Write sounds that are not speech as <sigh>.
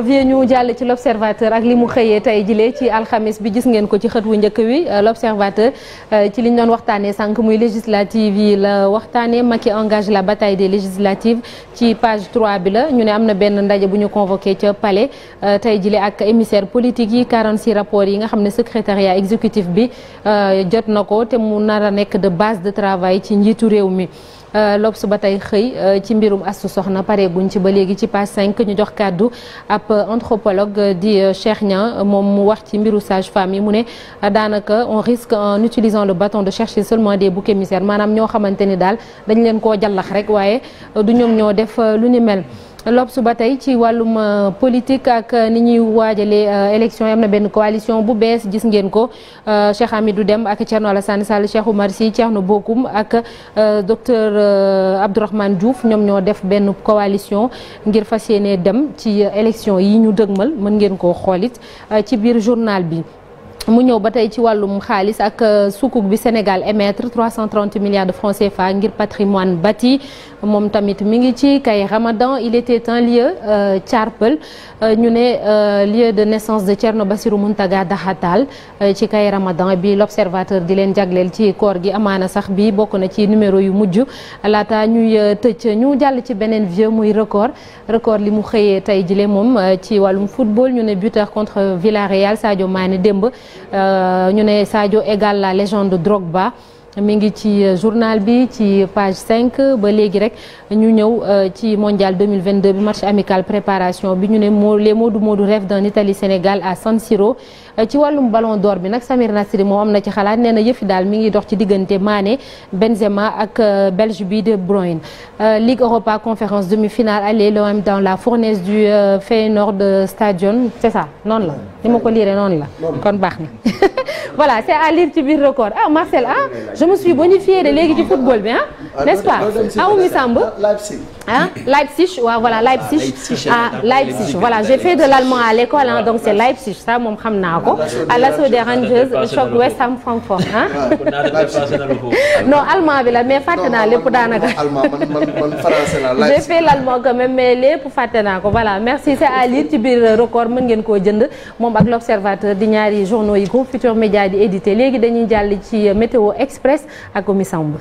vie ñu jàll ci l'observateur ak li mu xëyee tey jilee ci alxamis bi gis ngeen ko ci xët wu njëkk wi euh, l'observateur euh, ci li ñu doon waxtaanee sànq muy législative yi la waxtaanee Macky engage la bataille des législatives ci page 3 bi la ñu ne am na benn ndaje bu ñu convoqué ca palais euh, tey jilee ak émissaire politique yi ci rapport yi nga xam ne secrétariat exécutif bi jot na ko te mu nar a nekk de base de travail ci njiitu réew mi Euh, L'Obs ba tey xëy euh, ci mbirum Astou Sokhna pareeguñ ci ba léegi ci page 5 ñu jox kàddu ab euh, anthropologue di Cheikh Niang moom mu wax ci mbiru sage-femme yi mu ne daanaka on risque en utilisant le bâton de chercher seulement des boucs maanaam ñoo xamante ni daal dañ leen koo jallax rek waaye du ñoom ñoo def lu ni mel. L'Obs ba tey ci wàllum euh, politique ak euh, ni ñuy waajalee euh, élection yam na benn coalition bu bees gis ngeen ko Cheikh du dem ak Thierno Alassane Sall Cheikh Oumar Sy na Bocoum ak docteur Abdourahmane Diouf ñoom ñoo def benn coalition ngir fas yéene dem ci élection yi ñu dëgmal mën ngeen koo xoolit ci biir journal bi. mu ñëw ba tey ci wàllum xaalis ak euh, sukuk bi Sénégal émettre 330 milliards de francs CFA ngir patrimoine bâti moom tamit mi ngi ci kay Ramadan il était un lieu euh, Thiarpeul euh, ñu ne lieu de naissance de Thierno Bassirou Mountaga Daxatal ci kay Ramadan bi l'observateur di leen jagleel ci koor gi amaana sax bi bokk na ci numéro yu mujj laata ñuy tëj ñu jàll ci beneen vieux muy record record li mu xëyee tey jile moom ci wàllum football ñu ne buteur contre Villarreal Sadio Mané démb Euh, ñu ne Sadio égale la légende ba mi ngi ci euh, journal bi ci page 5 ba léegi rek ñu ñëw euh, ci mondial 2022 bi match amical préparation bi ñu ne moo les Modou Modou rêve d'un Italie Sénégal à San Siro euh, ci wàllum ballon door bi nag Samir Nasri moom am na ci xalaat nee na yëfi daal mi ngi dox ci diggante maane Benzema ak Belge bi De Bruyne Ligue Europa conférence demi-finale aller l'OM dans la fournaise du Feyenoord Stadion c'est ça noonu la ni ma ko liiree noonu la kon baax na <laughs> voilà c'est à lire ci biir record ah Marcel ah je me suis bonifié de léegi ci football bi ah Ah, n'est-ce pas Oumy ah, Samb ah Leipzig waaw voilà ah, Leipzig ah Leipzig voilà j'ai fait de l'allemand à l'école ah donc c'est Leipzig ça moom xam naa ko à l'assaut des Rangers choc West Ham Francfort ah non allemand bi la mais fàtte naa lépp daanaka j'ai fait l'allemand quand même mais lépp fàtte naa ko voilà merci c'est à lire ci biir record mën ngeen koo jënd moom ak l'observateur di ñaari journaux yi groupe Futurs Médias di édité léegi dañuy jàll ci météo express ak Oumy Samb